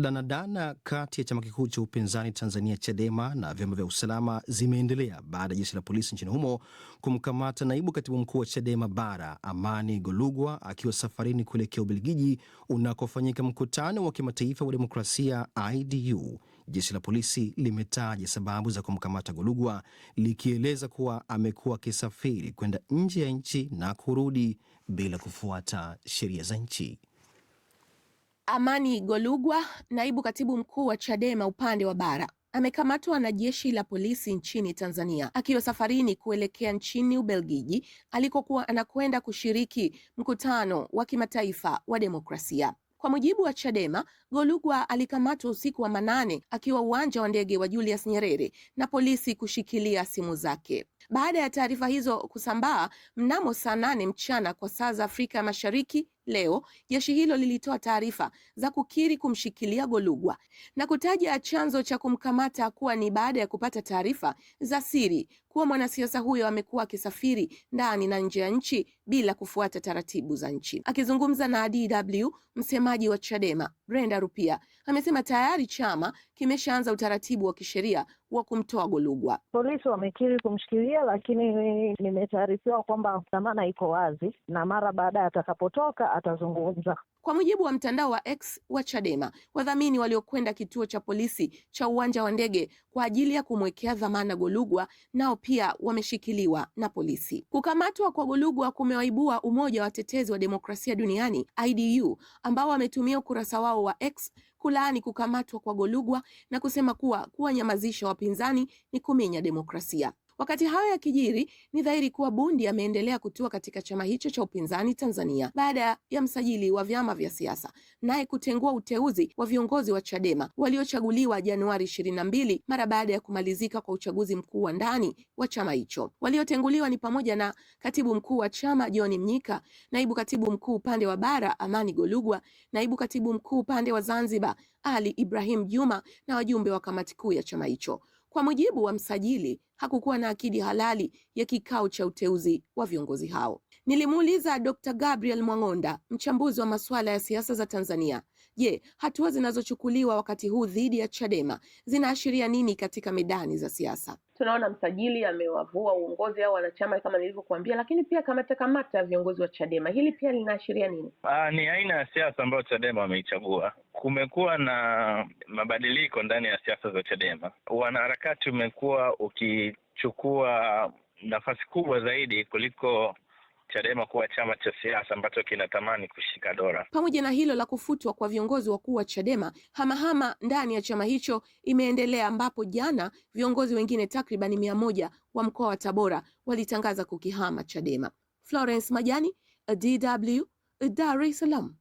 Danadana kati ya chama kikuu cha upinzani Tanzania Chadema na vyombo vya usalama zimeendelea baada ya jeshi la polisi nchini humo kumkamata naibu katibu mkuu wa Chadema Bara, Amani Golugwa akiwa safarini kuelekea Ubelgiji unakofanyika mkutano wa kimataifa wa demokrasia IDU. Jeshi la polisi limetaja sababu za kumkamata Golugwa likieleza kuwa amekuwa akisafiri kwenda nje ya nchi na kurudi bila kufuata sheria za nchi. Amani Golugwa, naibu katibu mkuu wa Chadema upande wa bara amekamatwa na jeshi la polisi nchini Tanzania akiwa safarini kuelekea nchini Ubelgiji alikokuwa anakwenda kushiriki mkutano wa kimataifa wa demokrasia. Kwa mujibu wa Chadema, Golugwa alikamatwa usiku wa manane akiwa uwanja wa ndege wa Julius Nyerere na polisi kushikilia simu zake. Baada ya taarifa hizo kusambaa mnamo saa nane mchana kwa saa za Afrika Mashariki Leo jeshi hilo lilitoa taarifa za kukiri kumshikilia Golugwa na kutaja chanzo cha kumkamata kuwa ni baada ya kupata taarifa za siri kuwa mwanasiasa huyo amekuwa akisafiri ndani na nje ya nchi bila kufuata taratibu za nchi. Akizungumza na DW, msemaji wa Chadema Brenda Rupia amesema tayari chama kimeshaanza utaratibu wa kisheria wa kumtoa Golugwa. Polisi wamekiri kumshikilia, lakini nimetaarifiwa kwamba dhamana iko wazi na mara baadaye atakapotoka atazungumza. Kwa mujibu wa mtandao wa X wa Chadema, wadhamini waliokwenda kituo cha polisi cha uwanja wa ndege kwa ajili ya kumwekea dhamana Golugwa nao pia wameshikiliwa na polisi. Kukamatwa kwa Golugwa kumewaibua umoja wa watetezi wa demokrasia duniani IDU ambao wametumia ukurasa wao wa X kulaani kukamatwa kwa Golugwa na kusema kuwa kuwanyamazisha wapinzani ni kuminya demokrasia. Wakati hayo ya kijiri ni dhahiri kuwa Bundi ameendelea kutua katika chama hicho cha upinzani Tanzania baada ya msajili wa vyama vya siasa naye kutengua uteuzi wa viongozi wa Chadema waliochaguliwa Januari ishirini na mbili mara baada ya kumalizika kwa uchaguzi mkuu wa ndani wa chama hicho. Waliotenguliwa ni pamoja na katibu mkuu wa chama John Mnyika, naibu katibu mkuu upande wa bara Amani Golugwa, naibu katibu mkuu upande wa Zanzibar Ali Ibrahim Juma na wajumbe wa kamati kuu ya chama hicho. Kwa mujibu wa msajili, hakukuwa na akidi halali ya kikao cha uteuzi wa viongozi hao. Nilimuuliza Dr. Gabriel Mwang'onda, mchambuzi wa masuala ya siasa za Tanzania, je, hatua zinazochukuliwa wakati huu dhidi ya Chadema zinaashiria nini katika medani za siasa? Tunaona msajili amewavua uongozi au wanachama kama nilivyokuambia, lakini pia kamata kamata ya viongozi wa Chadema, hili pia linaashiria nini? Aa, ah, ni aina ya siasa ambayo Chadema wameichagua Kumekuwa na mabadiliko ndani ya siasa za Chadema. Wanaharakati umekuwa ukichukua nafasi kubwa zaidi kuliko Chadema kuwa chama cha siasa ambacho kinatamani kushika dola. Pamoja na hilo la kufutwa kwa viongozi wakuu wa Chadema, hamahama ndani ya chama hicho imeendelea, ambapo jana viongozi wengine takribani mia moja wa mkoa wa Tabora walitangaza kukihama Chadema. Florence Majani, DW, Dar es Salaam.